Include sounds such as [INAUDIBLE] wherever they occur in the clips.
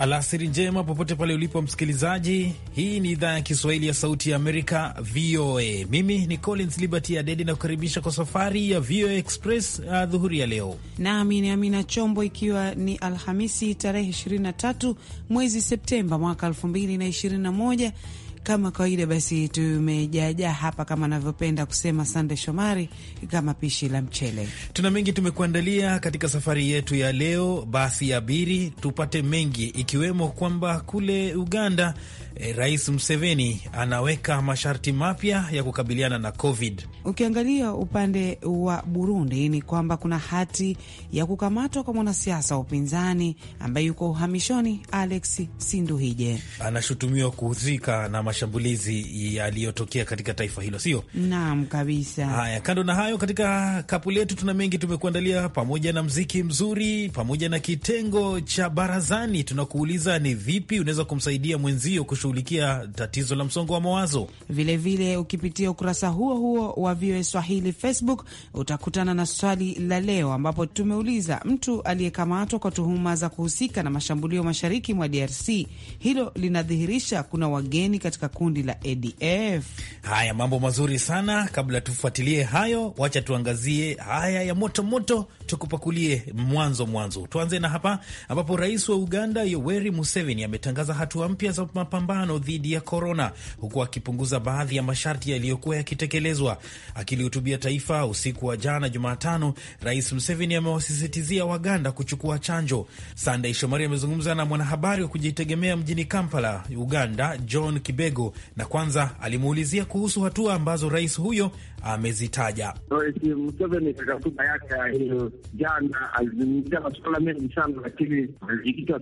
Alasiri njema popote pale ulipo msikilizaji, hii ni idhaa ya Kiswahili ya Sauti ya Amerika, VOA. Mimi ni Collins Liberty Adedi na kukaribisha kwa safari ya VOA Express uh, dhuhuri ya leo, nami ni Amina Chombo, ikiwa ni Alhamisi tarehe 23 mwezi Septemba mwaka 2021 kama kawaida basi, tumejaajaa hapa kama anavyopenda kusema Sande Shomari, kama pishi la mchele. Tuna mengi tumekuandalia katika safari yetu ya leo, basi abiri tupate mengi, ikiwemo kwamba kule Uganda Eh, Rais Museveni anaweka masharti mapya ya kukabiliana na COVID. Ukiangalia upande wa Burundi ni kwamba kuna hati ya kukamatwa kwa mwanasiasa wa upinzani ambaye yuko uhamishoni Alex Sinduhije, anashutumiwa kuhusika na mashambulizi yaliyotokea katika taifa hilo, sio? Naam kabisa. Haya, kando na hayo, katika kapu letu tuna mengi tumekuandalia, pamoja na mziki mzuri, pamoja na kitengo cha barazani. Tunakuuliza, ni vipi unaweza kumsaidia mwenzio kushughulikia tatizo la msongo wa mawazo. Vilevile vile, ukipitia ukurasa huo huo wa VOA Swahili Facebook utakutana na swali la leo, ambapo tumeuliza mtu aliyekamatwa kwa tuhuma za kuhusika na mashambulio mashariki mwa DRC, hilo linadhihirisha kuna wageni katika kundi la ADF. Haya, mambo mazuri sana. Kabla tufuatilie hayo, wacha tuangazie haya ya moto moto, tukupakulie mwanzo mwanzo. Tuanze na hapa ambapo rais wa Uganda Yoweri Museveni ametangaza hatua mpya za mapambano mapambano dhidi ya korona, huku akipunguza baadhi ya masharti yaliyokuwa yakitekelezwa. Akilihutubia taifa usiku wa jana Jumatano, Rais Museveni amewasisitizia Waganda kuchukua chanjo. Sandey Shomari amezungumza na mwanahabari wa kujitegemea mjini Kampala, Uganda, John Kibego, na kwanza alimuulizia kuhusu hatua ambazo rais huyo amezitaja. Rais Museveni katika hotuba yake hiyo jana alizungumzia masuala mengi sana, lakini alijikita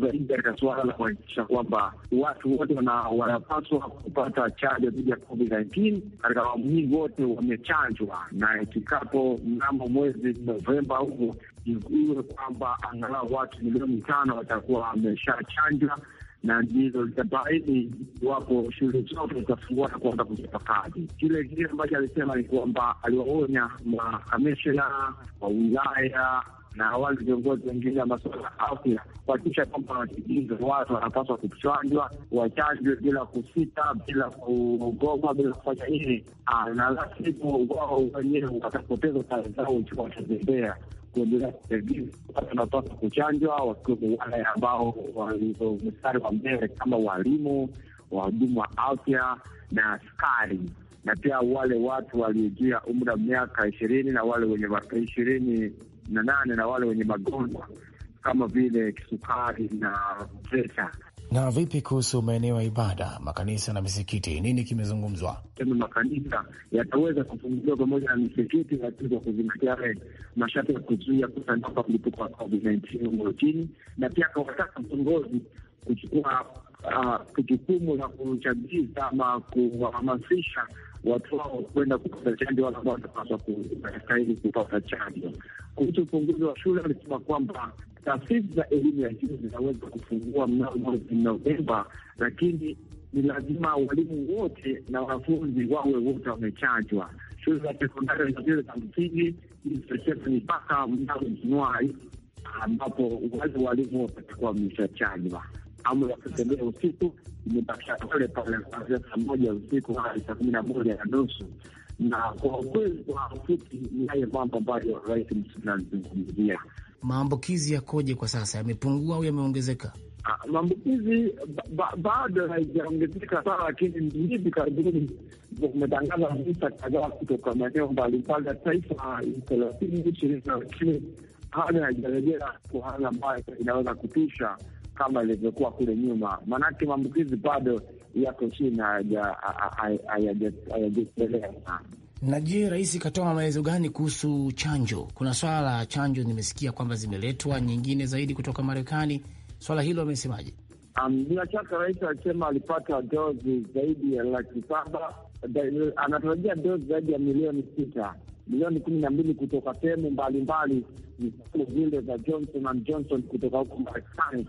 zaidi katika suala la kuhakikisha kwamba watu wote wanapaswa kupata chanjo dhidi ya COVID-19 katika awamu hii, wote wamechanjwa, na ikikapo mnamo mwezi Novemba huko iwe kwamba angalau watu milioni tano watakuwa wameshachanjwa na ndizo zitabaini iwapo shule zote zitafungua na kuanza kuchapa kazi. Kile kile ambacho alisema ni kwamba aliwaonya makamishna wa wilaya na wale viongozi wengine wa masuala ya afya kuhakikisha kwamba wanatimiza, watu wanapaswa kuchanjwa, wachanjwe bila kusita, bila kugoma, bila kufanya nini, ah, na la sivyo wao wenyewe watapoteza kazi zao ikiwa watazembea kuendelea Watu wanapaswa kuchanjwa, wakiwemo wale ambao walio mstari wa mbele kama walimu, wahudumu wa afya na askari na pia wale watu waliojia umri wa miaka ishirini na wale wenye miaka ishirini na nane na wale wenye magonjwa kama vile kisukari na presha. Na vipi kuhusu maeneo ya ibada, makanisa na misikiti, nini kimezungumzwa? Sema makanisa yataweza kufunguliwa pamoja na misikiti, lakini kwa kuzingatia yale masharti ya kuzuia kusambaa mlipuko wa COVID-19 humo nchini, na pia akawataka viongozi kuchukua ah, jukumu la kuchagiza ama kuwahamasisha watu wao kwenda kupata chanjo, wale ambao wanapaswa kustahili kupata chanjo. Kuhusu upunguzi wa shule, alisema kwamba taasisi za elimu ya juu zinaweza kufungua mnamo mwezi Novemba, lakini ni lazima walimu wote na wanafunzi wawe wote wamechanjwa. Shule za sekondari na zile za msingi ni mpaka mnamo Januari, ambapo wale walimu watakuwa wameshachanjwa amri ya kutembea usiku imebakia pale pale kuanzia saa moja usiku hadi saa kumi na moja na nusu na kwa ukweli, kwa ufupi, ni hayo mambo ambayo Rais Museveni alizungumzia. Maambukizi yakoje kwa sasa, yamepungua au yameongezeka? Ah, maambukizi bado haijaongezeka sana, lakini hivi karibuni kumetangaza visa kadhaa kutoka maeneo mbalimbali ya taifa thelathini, ishirini, lakini hali haijarejea kwa hali ambayo inaweza kutisha kama ilivyokuwa kule nyuma, maanake maambukizi bado yako chini, hayajaendelea sana. Na je, rais katoa maelezo gani kuhusu chanjo? Kuna swala la chanjo, nimesikia kwamba zimeletwa nyingine zaidi kutoka Marekani. Swala hilo amesemaje? Bila um, shaka rais alisema alipata dozi zaidi ya laki saba, anatarajia dozi zaidi ya milioni sita milioni kumi na mbili kutoka sehemu mbalimbali, zile za Johnson and Johnson kutoka huko Marekani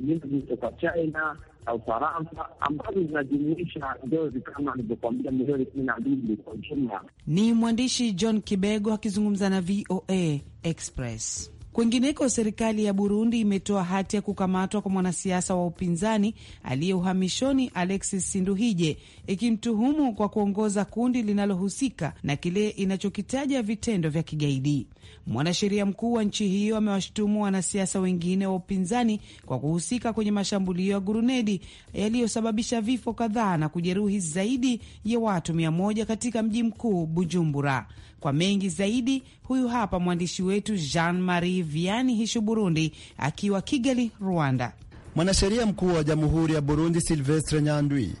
nyingi zilitoka China na Ufaransa ambazo zinajumuisha dozi kama alivyokwambia milioni kumi na mbili kwa ujumla. Ni mwandishi John Kibego akizungumza na VOA Express. Kwingineko, serikali ya Burundi imetoa hati ya kukamatwa kwa mwanasiasa wa upinzani aliye uhamishoni Alexis Sinduhije, ikimtuhumu kwa kuongoza kundi linalohusika na kile inachokitaja vitendo vya kigaidi. Mwanasheria mkuu wa nchi hiyo amewashutumu wanasiasa wengine wa upinzani kwa kuhusika kwenye mashambulio ya gurunedi yaliyosababisha vifo kadhaa na kujeruhi zaidi ya watu mia moja katika mji mkuu Bujumbura. Kwa mengi zaidi, huyu hapa mwandishi wetu Jean Marie Viani Hishu Burundi akiwa Kigali, Rwanda. Mwanasheria mkuu wa Jamhuri ya Burundi Silvestre Nyandwi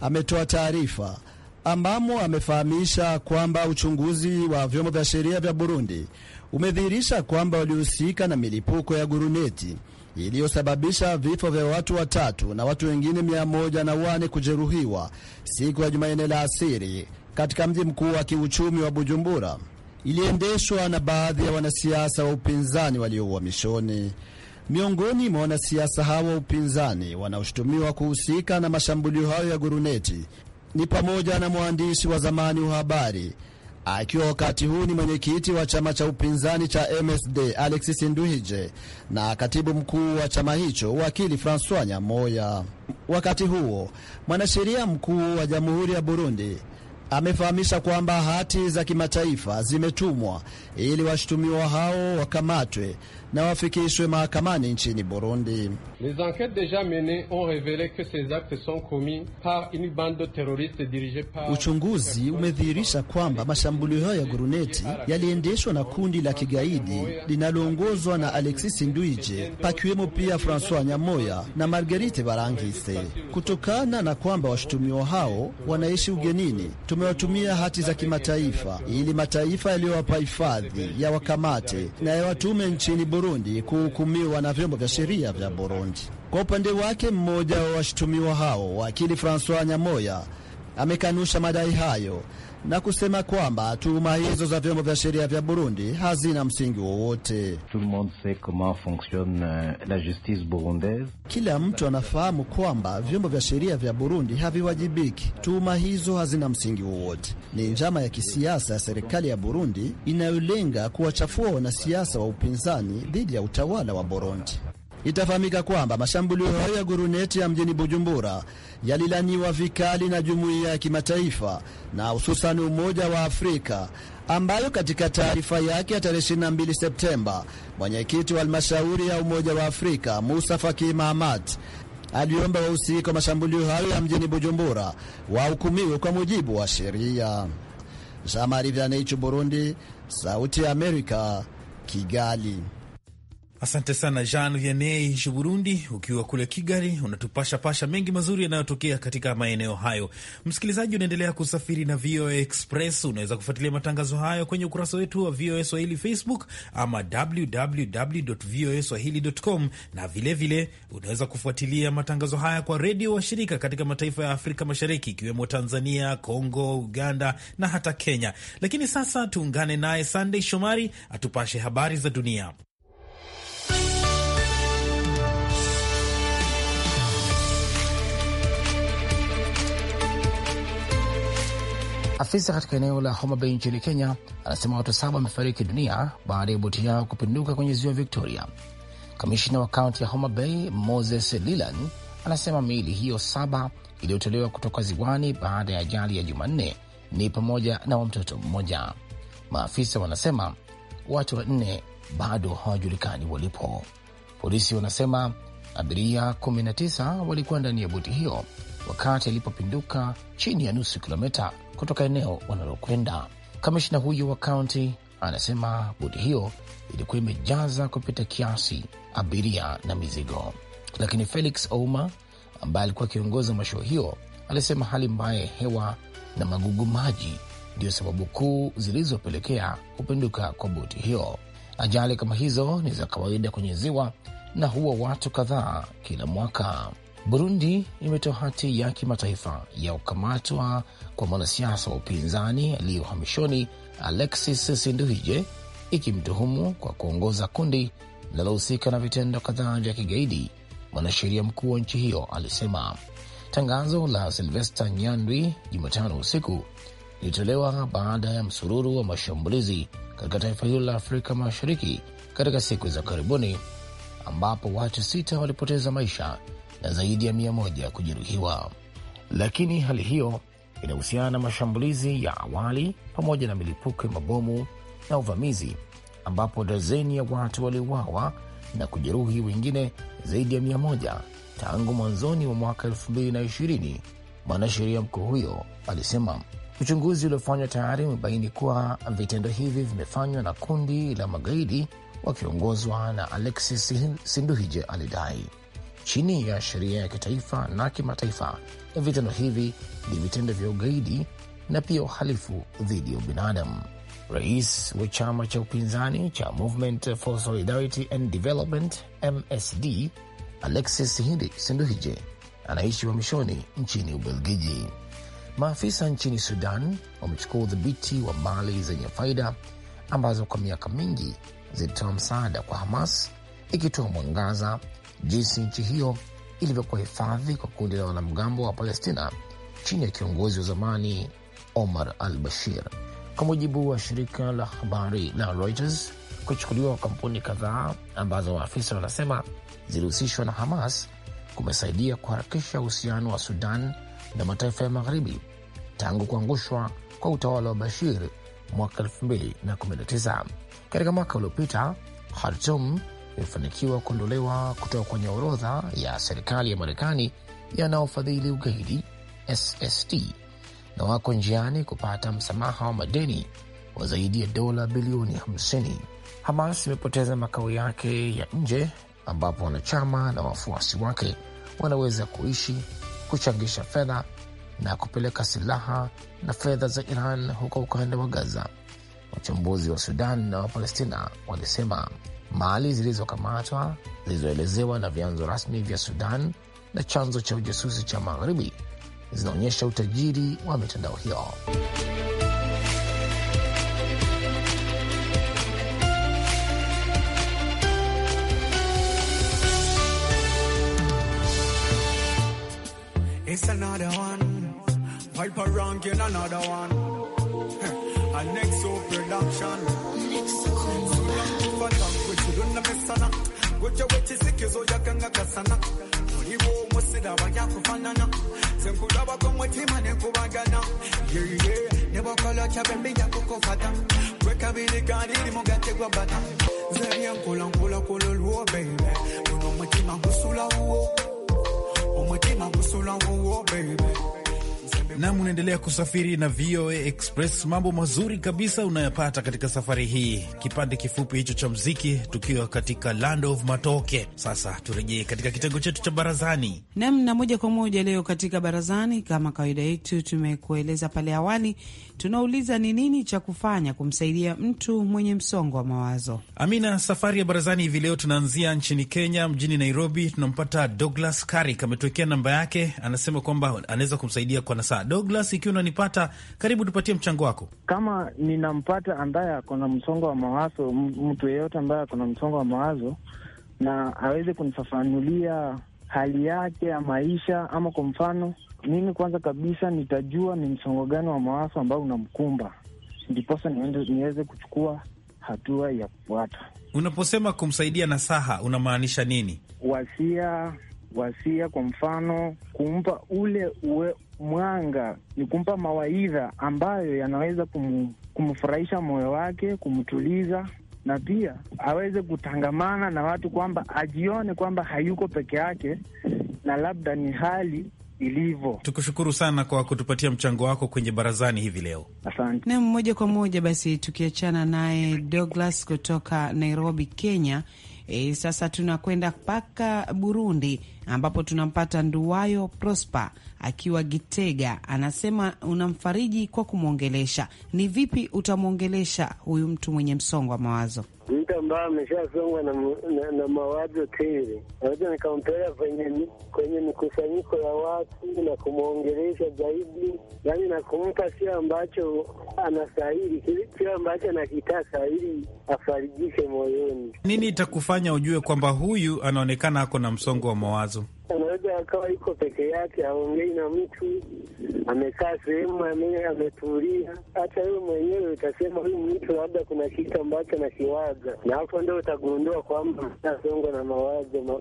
ametoa taarifa ambamo amefahamisha kwamba uchunguzi wa vyombo vya sheria vya Burundi umedhihirisha kwamba walihusika na milipuko ya guruneti iliyosababisha vifo vya watu watatu na watu wengine mia moja na wane kujeruhiwa siku ya Jumanne la asiri katika mji mkuu wa kiuchumi wa Bujumbura iliendeshwa na baadhi ya wanasiasa wa upinzani walio uhamishoni. Miongoni mwa wanasiasa hao wa upinzani wanaoshutumiwa kuhusika na mashambulio hayo ya guruneti ni pamoja na mwandishi wa zamani wa habari akiwa wakati huu ni mwenyekiti wa chama cha upinzani cha MSD Alexis Nduhije na katibu mkuu wa chama hicho wakili Francois Nyamoya. Wakati huo mwanasheria mkuu wa jamhuri ya Burundi amefahamisha kwamba hati za kimataifa zimetumwa ili washutumiwa hao wakamatwe na wafikishwe mahakamani nchini Burundi. Les deja menées ont que ces actes sont commis par une bande terroriste par. Uchunguzi umedhihirisha kwamba mashambulio hayo ya guruneti yaliendeshwa na kundi la kigaidi linaloongozwa na Alexis Nduije, pakiwemo pia Francois Nyamoya na Marguerite Barangise. Kutokana na kwamba washutumiwa hao wanaishi ugenini tumewatumia hati za kimataifa ili mataifa yaliyowapa hifadhi ya wakamate na yawatume nchini Burundi kuhukumiwa na vyombo vya sheria vya Burundi. Kwa upande wake, mmoja wa washutumiwa hao wakili Francois Nyamoya amekanusha madai hayo na kusema kwamba tuhuma hizo za vyombo vya sheria vya Burundi hazina msingi wowote. Euh, Kila mtu anafahamu kwamba vyombo vya sheria vya Burundi haviwajibiki. Tuhuma hizo hazina msingi wowote, ni njama ya kisiasa ya serikali ya Burundi inayolenga kuwachafua wanasiasa wa upinzani dhidi ya utawala wa Burundi itafahamika kwamba mashambulio hayo ya guruneti ya mjini Bujumbura yalilaniwa vikali na jumuiya ya kimataifa na hususan Umoja wa Afrika ambayo katika taarifa yake ya tarehe 22 Septemba mwenyekiti wa halmashauri ya Umoja wa Afrika Musa Faki Mahamat aliomba wahusika wa mashambulio hayo ya mjini Bujumbura wahukumiwe kwa mujibu wa sheria. Jamari Vyaneichu, Burundi, Sauti ya Amerika, Kigali. Asante sana Jean Vianney Burundi, ukiwa kule Kigali unatupasha pasha mengi mazuri yanayotokea katika maeneo hayo. Msikilizaji, unaendelea kusafiri na VOA Express. Unaweza kufuatilia matangazo hayo kwenye ukurasa wetu wa VOA Swahili Facebook ama www voa swahilicom na vilevile vile, unaweza kufuatilia matangazo haya kwa redio wa shirika katika mataifa ya Afrika Mashariki ikiwemo Tanzania, congo Uganda na hata Kenya. Lakini sasa tuungane naye sandey Shomari atupashe habari za dunia. Afisa katika eneo la Homa Bay nchini Kenya anasema watu saba wamefariki dunia baada ya boti yao kupinduka kwenye ziwa Victoria. Kamishina wa kaunti ya Homa Bay Moses Lilan anasema miili hiyo saba iliyotolewa kutoka ziwani baada ya ajali ya Jumanne ni pamoja na wa mtoto mmoja. Maafisa wanasema watu wanne bado hawajulikani walipo. Polisi wanasema abiria 19 walikuwa ndani ya boti hiyo wakati ilipopinduka chini ya nusu kilomita kutoka eneo wanalokwenda. Kamishna huyo wa kaunti anasema boti hiyo ilikuwa imejaza kupita kiasi abiria na mizigo, lakini Felix Ouma ambaye alikuwa akiongoza mashua hiyo alisema hali mbaya ya hewa na magugu maji ndiyo sababu kuu zilizopelekea kupinduka kwa boti hiyo. Ajali kama hizo ni za kawaida kwenye ziwa na huwa watu kadhaa kila mwaka. Burundi imetoa hati ya kimataifa ya kukamatwa kwa mwanasiasa wa upinzani aliye uhamishoni Alexis Sinduhije, ikimtuhumu kwa kuongoza kundi linalohusika na vitendo kadhaa vya kigaidi, mwanasheria mkuu wa nchi hiyo alisema. Tangazo la Silvester Nyandwi Jumatano usiku lilitolewa baada ya msururu wa mashambulizi katika taifa hilo la Afrika Mashariki katika siku za karibuni ambapo watu sita walipoteza maisha na zaidi ya mia moja kujeruhiwa, lakini hali hiyo inahusiana na mashambulizi ya awali pamoja na milipuko ya mabomu na uvamizi ambapo dazeni ya watu waliuawa na kujeruhi wengine zaidi ya mia moja tangu mwanzoni mwa mwaka elfu mbili na ishirini. Mwanasheria mkuu huyo alisema uchunguzi uliofanywa tayari umebaini kuwa vitendo hivi vimefanywa na kundi la magaidi wakiongozwa na Alexis Sinduhije, alidai chini ya sheria ya kitaifa na kimataifa. Vitendo hivi ni vitendo vya ugaidi na pia uhalifu dhidi ya ubinadamu. Rais wa chama cha upinzani cha Movement for Solidarity and Development, MSD, Alexis Sinduhije anaishi uhamishoni nchini Ubelgiji. Maafisa nchini Sudan wamechukua udhibiti wa mali zenye faida ambazo kwa miaka mingi zilitoa msaada kwa Hamas, ikitoa mwangaza jinsi nchi hiyo ilivyokuwa hifadhi kwa kundi la wanamgambo wa Palestina chini ya kiongozi wa zamani Omar al Bashir. Kwa mujibu wa shirika la habari la Reuters, kuchukuliwa kwa kampuni kadhaa ambazo waafisa wanasema zilihusishwa na Hamas kumesaidia kuharakisha uhusiano wa Sudan na mataifa ya Magharibi tangu kuangushwa kwa utawala wa Bashir mwaka 2019. Katika mwaka uliopita Khartum imefanikiwa kuondolewa kutoka kwenye orodha ya serikali ya Marekani yanayofadhili ugaidi SST na wako njiani kupata msamaha wa madeni wa zaidi ya dola bilioni 50. Hamas imepoteza makao yake ya nje ambapo wanachama na wafuasi wake wanaweza kuishi, kuchangisha fedha na kupeleka silaha na fedha za Iran huko ukanda wa Gaza. Wachambuzi wa Sudan na Wapalestina walisema mali zilizokamatwa zilizoelezewa na vyanzo rasmi vya Sudan na chanzo cha ujasusi cha Magharibi zinaonyesha utajiri wa mitandao hiyo. [LAUGHS] batankwekironna gujja wekisikizo oyaganga gasana oliwo omusiraba yakufanana senkulabako mwetima nekubagana yeye ne bakola kyabembi yakukufata gwekabiri galiri mugate gwa bata zeryenkulankulakula olwo bebe guno omutima gusulawo omutima gusulawo bebe Nam, unaendelea kusafiri na VOA Express. Mambo mazuri kabisa unayopata katika safari hii. Kipande kifupi hicho cha mziki, tukiwa katika land of matoke. Sasa turejee katika kitengo chetu cha barazani. Nam, na moja kwa moja leo katika barazani, kama kawaida yetu, tumekueleza pale awali, tunauliza ni nini cha kufanya kumsaidia mtu mwenye msongo wa mawazo. Amina, safari ya barazani hivi leo tunaanzia nchini Kenya, mjini Nairobi. Tunampata Douglas Karik, ametuwekea namba yake, anasema kwamba anaweza kumsaidia kwa nasaa Douglas, ikiwa unanipata, karibu tupatie mchango wako. Kama ninampata ambaye ako na msongo wa mawazo, mtu yeyote ambaye ako na msongo wa mawazo na aweze kunifafanulia hali yake ya maisha, ama kwa mfano mimi, kwanza kabisa nitajua ni msongo gani wa mawazo ambao unamkumba, ndiposa niweze kuchukua hatua ya kufuata. Unaposema kumsaidia nasaha, unamaanisha nini? Wasia, wasia, kwa mfano kumpa ule uwe, mwanga, ni kumpa mawaidha ambayo yanaweza kum, kumfurahisha moyo wake, kumtuliza na pia aweze kutangamana na watu, kwamba ajione kwamba hayuko peke yake na labda ni hali ilivyo. Tukushukuru sana kwa kutupatia mchango wako kwenye barazani hivi leo, asante. Nam moja kwa moja basi tukiachana naye Douglas kutoka Nairobi, Kenya. E, sasa tunakwenda mpaka Burundi ambapo tunampata Nduwayo Prosper akiwa Gitega, anasema unamfariji kwa kumwongelesha. Ni vipi utamwongelesha huyu mtu mwenye msongo wa mawazo? Mtu ambaye ameshasongwa na, na, na mawazo tele, naweza nikampeleka kwenye kwenye mikusanyiko ya watu na kumwongelesha zaidi, yaani na kumpa kile ambacho anastahili, kile ambacho anakitaka, ili afarijike moyoni. Nini itakufanya ujue kwamba huyu anaonekana ako na msongo wa mawazo? anaweza akawa iko peke yake, aongei na mtu, amekaa sehemu ametulia. Hata wewe mwenyewe utasema huyu mtu labda kuna kitu ambacho anakiwaza, na hapo ndo utagundua kwamba asongwa na mawazo ma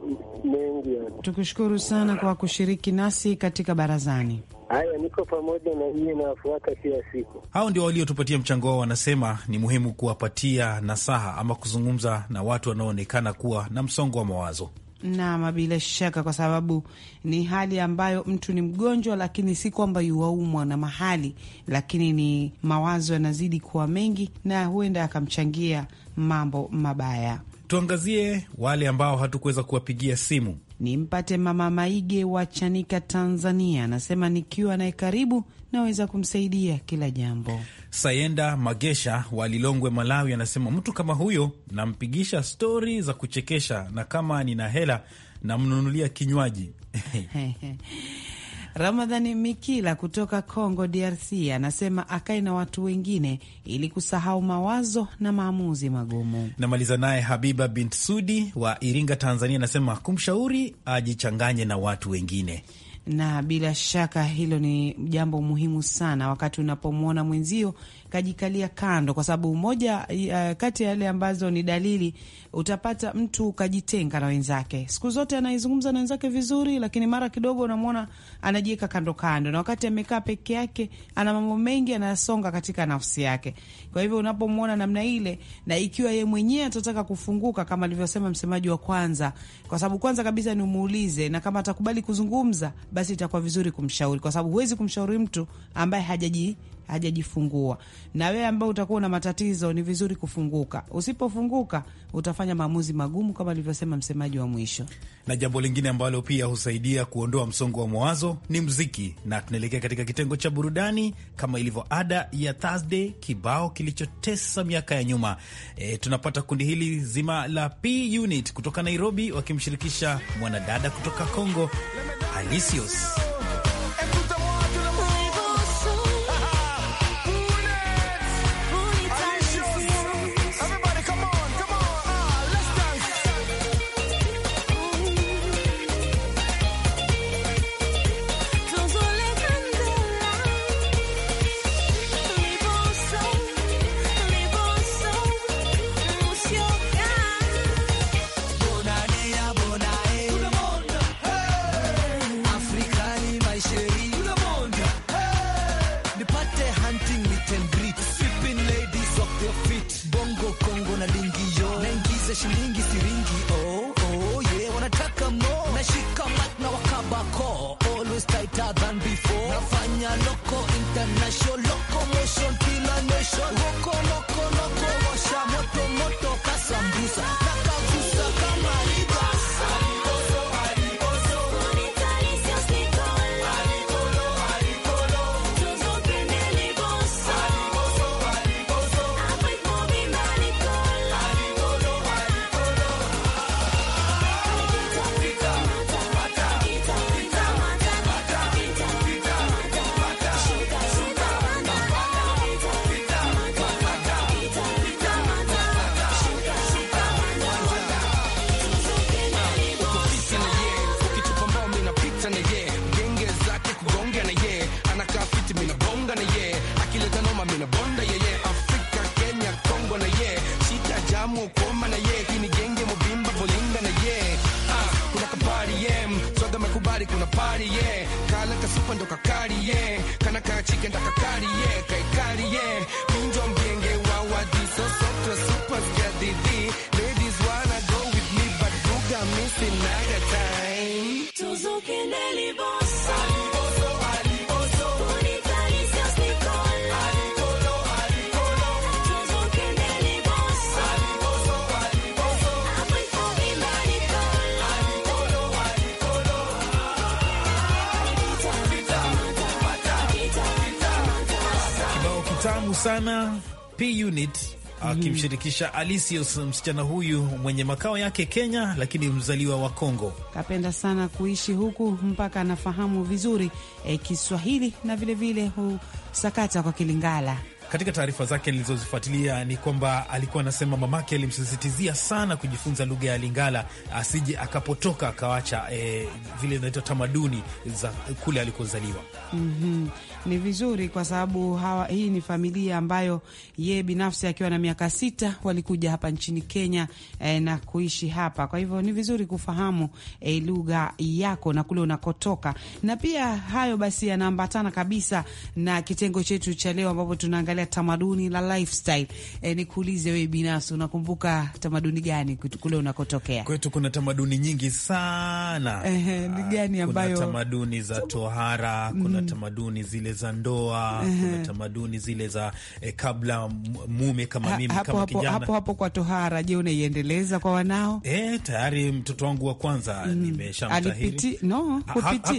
mengi. Tukushukuru sana kwa kushiriki nasi katika barazani. Haya, niko pamoja na nyie, nawafuata kila siku. Hao ndio waliotupatia mchango wao. Wanasema ni muhimu kuwapatia nasaha ama kuzungumza na watu wanaoonekana kuwa na msongo wa mawazo. Naam, bila shaka, kwa sababu ni hali ambayo mtu ni mgonjwa, lakini si kwamba yuwaumwa na mahali, lakini ni mawazo yanazidi kuwa mengi na huenda akamchangia mambo mabaya. Tuangazie wale ambao hatukuweza kuwapigia simu. Nimpate Mama Maige wa Chanika, Tanzania, anasema nikiwa naye karibu naweza kumsaidia kila jambo. Sayenda Magesha wa Lilongwe, Malawi, anasema mtu kama huyo nampigisha stori za kuchekesha, na kama nina hela namnunulia kinywaji [LAUGHS] [LAUGHS] Ramadhani Mikila kutoka Congo DRC anasema akae na watu wengine ili kusahau mawazo na maamuzi magumu. Namaliza naye Habiba bint Sudi wa Iringa, Tanzania, anasema kumshauri ajichanganye na watu wengine na bila shaka hilo ni jambo muhimu sana, wakati unapomwona mwenzio kajikalia kando, kwa sababu moja uh, kati ya yale ambazo ni dalili utapata mtu kajitenga na wenzake. Siku zote anaizungumza na wenzake vizuri, lakini mara kidogo unamwona anajiweka kando kando, na wakati amekaa peke yake ana mambo mengi anayasonga katika nafsi yake. Kwa hivyo unapomwona namna ile, na ikiwa ye mwenyewe atataka kufunguka kama alivyosema msemaji wa kwanza, kwa sababu kwanza kabisa ni umuulize, na kama atakubali kuzungumza, basi itakuwa vizuri kumshauri, kwa sababu huwezi kumshauri mtu ambaye hajaji hajajifungua. Na wewe ambao utakuwa na matatizo, ni vizuri kufunguka. Usipofunguka utafanya maamuzi magumu, kama alivyosema msemaji wa mwisho. Na jambo lingine ambalo pia husaidia kuondoa msongo wa mawazo ni mziki, na tunaelekea katika kitengo cha burudani kama ilivyo ada ya Thursday, kibao kilichotesa miaka ya nyuma. E, tunapata kundi hili zima la P Unit kutoka Nairobi wakimshirikisha mwanadada kutoka Congo Alisios. maisha mingi siringi oh. kwando da ka kana ka cike da kariye sana P Unit akimshirikisha mhm. Alisius, msichana huyu mwenye makao yake Kenya, lakini mzaliwa wa Kongo. Kapenda sana kuishi huku mpaka anafahamu vizuri e, Kiswahili na vilevile husakata kwa Kilingala katika taarifa zake nilizozifuatilia ni kwamba alikuwa anasema mamake alimsisitizia sana kujifunza lugha ya Lingala asije akapotoka akawacha e, vile inaitwa tamaduni za kule alikozaliwa. mm -hmm. Ni vizuri kwa sababu hawa, hii ni familia ambayo yeye binafsi akiwa na miaka sita walikuja hapa nchini Kenya e, na kuishi hapa. Kwa hivyo ni vizuri kufahamu e, lugha yako na kule unakotoka, na pia hayo basi yanaambatana kabisa na kitengo chetu cha leo ambapo tunaangalia tunaangalia tamaduni la lifestyle. E, nikuulize wewe binafsi unakumbuka tamaduni gani kule unakotokea? Kwetu kuna tamaduni nyingi sana. Ehe, ni ah, gani ambayo? Kuna tamaduni za tohara, kuna mm. tamaduni zile za ndoa, Ehe. kuna tamaduni zile za eh, kabla mume kama ha, mimi hapo, kama hapo, kijana hapo hapo kwa tohara. Je, unaiendeleza kwa wanao? Eh, tayari mtoto wangu wa kwanza mm. nimeshamtahiri. Alipiti no,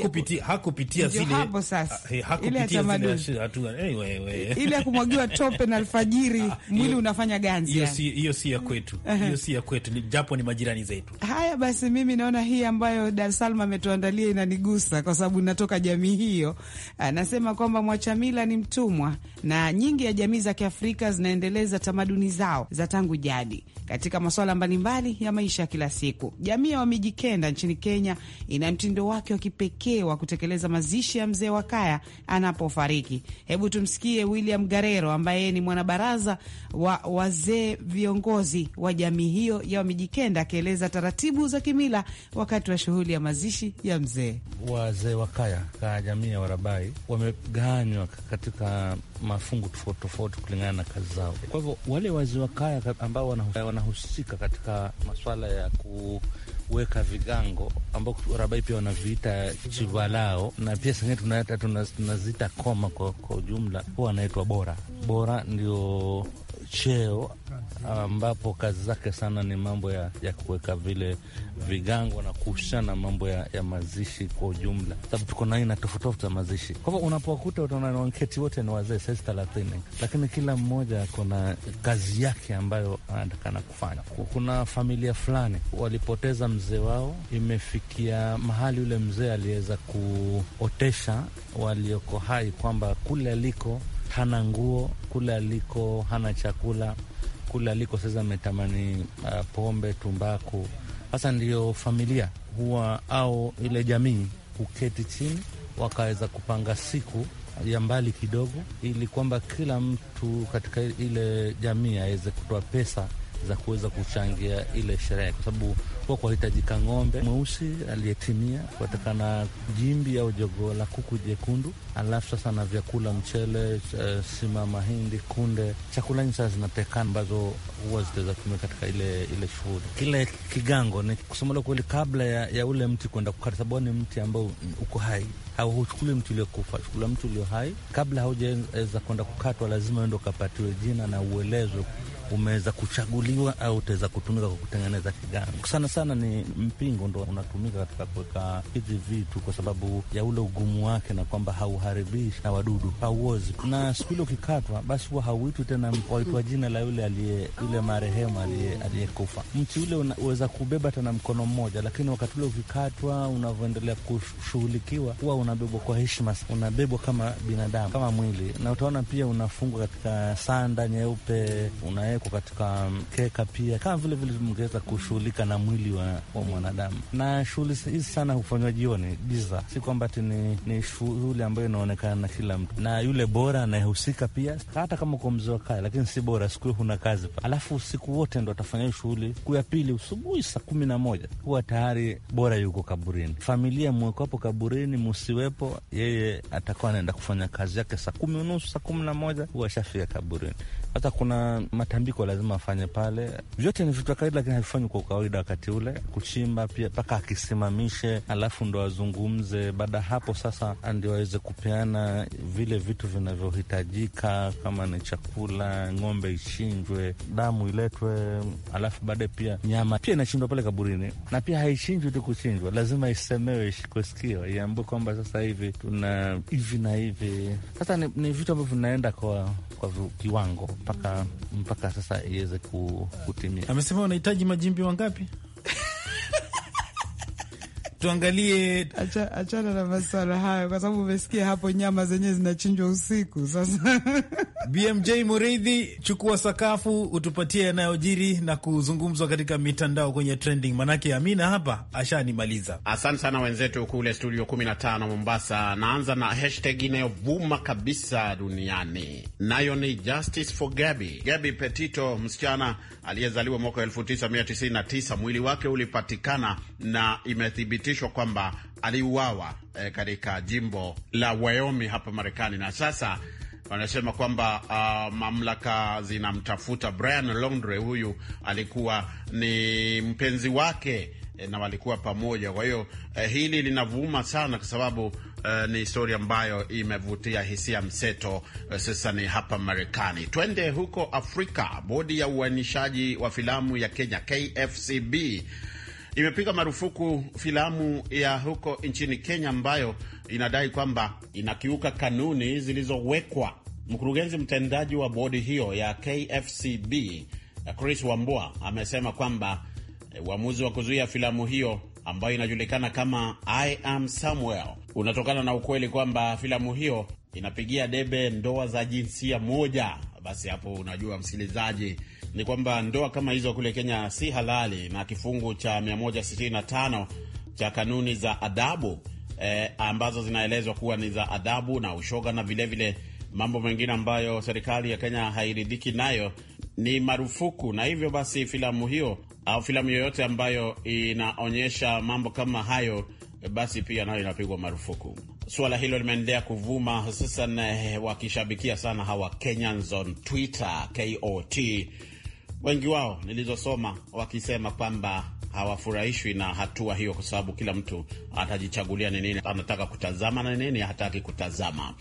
kupitia hakupitia zile hapo sasa. Eh, hakupitia zile hatua. Anyway, ile kumwaga [LAUGHS] unamwagiwa tope na alfajiri, ah, ah, mwili unafanya ganzi. Hiyo si hiyo si ya kwetu, hiyo si ya kwetu, japo ni majirani zetu. Haya basi, mimi naona hii ambayo Dar Salma ametuandalia inanigusa kwa sababu natoka jamii hiyo. Anasema ah, kwamba mwachamila ni mtumwa, na nyingi ya jamii za Kiafrika zinaendeleza tamaduni zao za tangu jadi katika masuala mbalimbali ya maisha ya kila siku. Jamii ya Wamijikenda nchini Kenya ina mtindo wake wa kipekee wa kutekeleza mazishi ya mzee wa kaya anapofariki. Hebu tumsikie William Gare Kagwero ambaye ni mwanabaraza wa wazee viongozi wa jamii hiyo ya Wamijikenda, akieleza taratibu za kimila wakati wa shughuli ya mazishi ya mzee. Wazee wa kaya ka jamii ya Warabai wameganywa katika mafungu tofauti tofauti kulingana na kazi zao. Kwa hivyo wale wazee wa kaya ambao wanahusika katika masuala ya ku kuweka vigango ambao Warabai pia wanaviita chivalao, na pia sengine tunazita koma. Kwa, kwa ujumla huwa wanaitwa bora bora, ndio cheo ambapo kazi zake sana ni mambo ya, ya kuweka vile vigango na kushana mambo ya, ya mazishi kwa ujumla, sababu tuko na aina tofauti tofauti za mazishi. Kwa hivyo unapowakuta utaona wanketi wote ni wazee saizi thelathini, lakini kila mmoja kuna kazi yake ambayo anatakana kufanya. Kuna familia fulani walipoteza mzee wao, imefikia mahali yule mzee aliweza kuotesha walioko hai kwamba kule aliko hana nguo, kule aliko hana chakula, kule aliko sasa ametamani uh, pombe, tumbaku. Sasa ndio familia huwa au ile jamii huketi chini, wakaweza kupanga siku ya mbali kidogo, ili kwamba kila mtu katika ile jamii aweze kutoa pesa za kuweza kuchangia ile sherehe, kwa sababu kuwa kwahitajika ng'ombe mweusi aliyetimia, kuatakana jimbi au jogo la kuku jekundu, alafu sasa na vyakula mchele, eh, sima, mahindi, kunde, chakula nyingi sasa zinatekana ambazo huwa zitaweza kutumia katika ile ile shughuli. Kile kigango ni kusema kweli, kabla ya, ya ule mti kwenda kukata, sababu ni mti ambao uko hai hauchukuli mti uliokufa, chukula mti ulio hai. Kabla haujaweza kwenda kukatwa, lazima uende ukapatiwe jina na uelezwe umeweza kuchaguliwa au utaweza kutumika kwa kutengeneza kigano. Sana sana ni mpingo ndo unatumika katika kuweka hizi vitu, kwa sababu ya ule ugumu wake na kwamba hauharibishi na wadudu, hauozi. Na siku ile ukikatwa, basi huwa hauitwi tena, waitwa jina la yule aliye yule marehemu aliyekufa. Mti ule unaweza kubeba tena mkono mmoja, lakini wakati ule ukikatwa, unavyoendelea kushughulikiwa, huwa unabebwa kwa heshima, unabebwa kama binadamu, kama mwili, na utaona pia unafungwa katika sanda nyeupe unae iko katika mkeka pia, kama vile vile mngeweza kushughulika na mwili wa, wa mwanadamu. Na shughuli hizi sana hufanywa jioni giza, si kwamba ti ni, ni shughuli ambayo inaonekana na kila mtu na yule bora anayehusika pia, hata kama uko mzee wa kaya, lakini si bora siku hiyo huna kazi pa, alafu usiku wote ndo atafanya shughuli. Siku ya pili usubuhi saa kumi na moja huwa tayari bora yuko kaburini. Familia mwekwapo kaburini, musiwepo, yeye atakuwa anaenda kufanya kazi yake saa kumi unusu saa kumi na moja huwa shafia kaburini. Sasa kuna matambiko lazima afanye pale. Vyote ni vitu vya kawaida, lakini havifanywi kwa kawaida wakati ule. Kuchimba pia mpaka akisimamishe, alafu ndo azungumze. Baada ya hapo sasa ndio aweze kupeana vile vitu vinavyohitajika, kama ni chakula, ng'ombe ichinjwe, damu iletwe, alafu baadaye pia nyama pia inachinjwa pale kaburini, na pia haichinjwi tu kuchinjwa, lazima isemewe, ishikwe iambue kwamba sasa hivi tuna hivi na hivi. Sasa ni, ni vitu ambavyo vinaenda kwa, kwa kiwango mpaka mpaka sasa iweze kutimia. Amesema wanahitaji majimbi wangapi? tuangalie, achana na maswala hayo, kwa sababu umesikia hapo nyama zenyewe zinachinjwa usiku. Sasa [LAUGHS] BMJ Muridhi, chukua sakafu utupatie yanayojiri na kuzungumzwa katika mitandao kwenye trending, manake Amina hapa ashanimaliza. Asante sana wenzetu kule studio 15 Mombasa. Naanza na hashtag inayovuma kabisa duniani, nayo ni justice for Gabi, Gabi Petito, msichana aliyezaliwa mwaka 1999 mwili wake ulipatikana na imethibitishwa kwamba aliuawa e, katika jimbo la Wyoming hapa Marekani, na sasa wanasema kwamba uh, mamlaka zinamtafuta Brian Londre. Huyu alikuwa ni mpenzi wake eh, na walikuwa pamoja. Kwa hiyo eh, hili linavuma sana kwa sababu uh, ni histori ambayo imevutia hisia mseto uh, eh, sasa ni hapa Marekani. Twende huko Afrika. Bodi ya uainishaji wa filamu ya Kenya KFCB imepiga marufuku filamu ya huko nchini Kenya ambayo inadai kwamba inakiuka kanuni zilizowekwa. Mkurugenzi mtendaji wa bodi hiyo ya KFCB Chris Wambua amesema kwamba eh, uamuzi wa kuzuia filamu hiyo ambayo inajulikana kama I Am Samuel unatokana na ukweli kwamba filamu hiyo inapigia debe ndoa za jinsia moja. Basi hapo unajua msikilizaji, ni kwamba ndoa kama hizo kule Kenya si halali na kifungu cha 165 cha kanuni za adabu eh, ambazo zinaelezwa kuwa ni za adabu na ushoga na vilevile vile mambo mengine ambayo serikali ya Kenya hairidhiki nayo ni marufuku, na hivyo basi filamu hiyo au filamu yoyote ambayo inaonyesha mambo kama hayo, basi pia nayo inapigwa marufuku. Suala hilo limeendelea kuvuma, hususan eh, wakishabikia sana hawa Kenyans on Twitter, KOT, wengi wao nilizosoma wakisema kwamba hawafurahishwi na hatua hiyo, kwa sababu kila mtu atajichagulia ni nini anataka kutazama na nini hataki kutazama.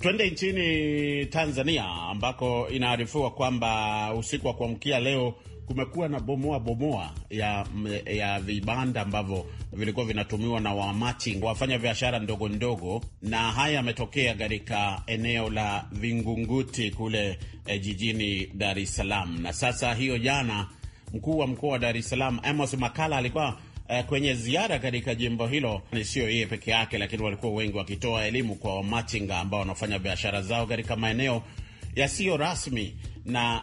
Twende nchini Tanzania ambako inaarifiwa kwamba usiku wa kuamkia leo kumekuwa na bomoa bomoa ya, ya vibanda ambavyo vilikuwa vinatumiwa na wamaching wafanya biashara ndogo ndogo, na haya yametokea katika eneo la Vingunguti kule eh, jijini Dar es Salaam. Na sasa hiyo jana, mkuu wa mkoa wa Dar es Salaam Amos Makala alikuwa eh, kwenye ziara katika jimbo hilo. Sio yeye peke yake, lakini walikuwa wengi wakitoa elimu kwa wamachinga ambao wanafanya biashara zao katika maeneo yasiyo rasmi na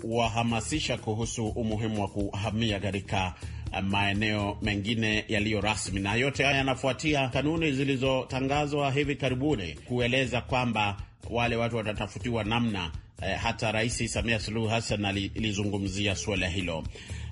kuwahamasisha kuhusu umuhimu wa kuhamia katika maeneo mengine yaliyo rasmi. Na yote haya yanafuatia kanuni zilizotangazwa hivi karibuni kueleza kwamba wale watu watatafutiwa namna eh. Hata Rais Samia Suluhu Hassan alizungumzia suala hilo.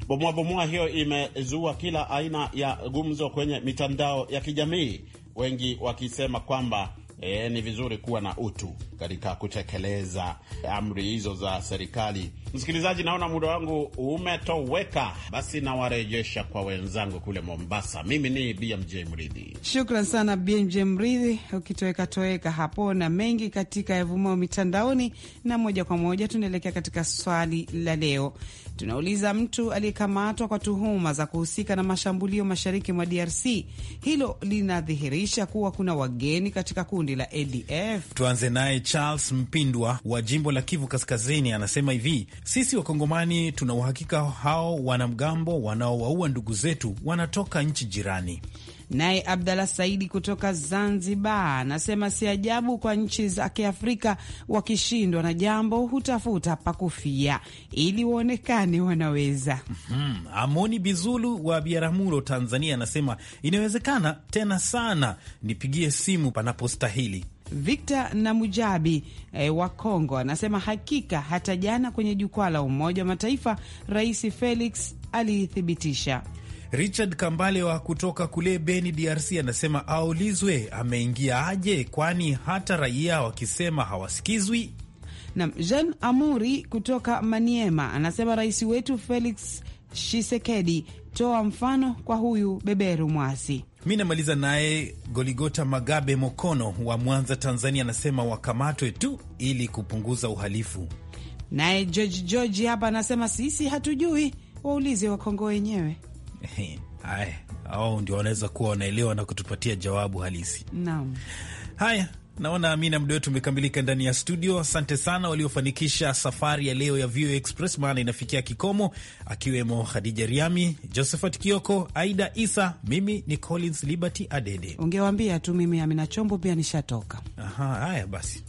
Bomoa bomoa hiyo imezua kila aina ya gumzo kwenye mitandao ya kijamii, wengi wakisema kwamba e, ni vizuri kuwa na utu katika kutekeleza amri hizo za serikali. Msikilizaji, naona muda wangu umetoweka, basi nawarejesha kwa wenzangu kule Mombasa. Mimi ni BMJ Mridhi. Shukran sana BMJ Mridhi, ukitoweka toweka hapo na mengi katika yavumao mitandaoni, na moja kwa moja tunaelekea katika swali la leo. Tunauliza, mtu aliyekamatwa kwa tuhuma za kuhusika na mashambulio mashariki mwa DRC, hilo linadhihirisha kuwa kuna wageni katika kundi la ADF. Tuanze naye Charles Mpindwa wa jimbo la Kivu Kaskazini, anasema hivi: sisi Wakongomani tuna uhakika hao wanamgambo wanaowaua ndugu zetu wanatoka nchi jirani. Naye Abdalla Saidi kutoka Zanzibar anasema si ajabu kwa nchi za Kiafrika wakishindwa na jambo hutafuta pa kufia ili waonekane wanaweza. Mm -hmm. Amoni Bizulu wa biaramuro Tanzania anasema inawezekana tena sana, nipigie simu panapostahili. Victor Namujabi eh, wa Kongo anasema hakika, hata jana kwenye jukwaa la Umoja wa Mataifa Rais Felix aliithibitisha Richard Kambalewa kutoka kule Beni, DRC, anasema aulizwe ameingia aje, kwani hata raia wakisema hawasikizwi. Nam Jean Amuri kutoka Maniema anasema rais wetu Felix Shisekedi, toa mfano kwa huyu beberu mwasi. Mi namaliza naye Goligota Magabe Mokono wa Mwanza, Tanzania, anasema wakamatwe tu ili kupunguza uhalifu. Naye George George hapa anasema sisi hatujui, waulize Wakongo wenyewe. [LAUGHS] Haya, au ndio wanaweza kuwa wanaelewa na kutupatia jawabu halisi. Naam, haya Naona Amina, muda wetu umekamilika ndani ya studio. Asante sana waliofanikisha safari ya leo ya VOA Express, maana inafikia kikomo, akiwemo Khadija Riami, Josephat Kioko, Aida Isa. Mimi ni Collins Liberty Adede. Ungewambia tu mimi Amina Chombo pia nishatoka. Aha, haya basi.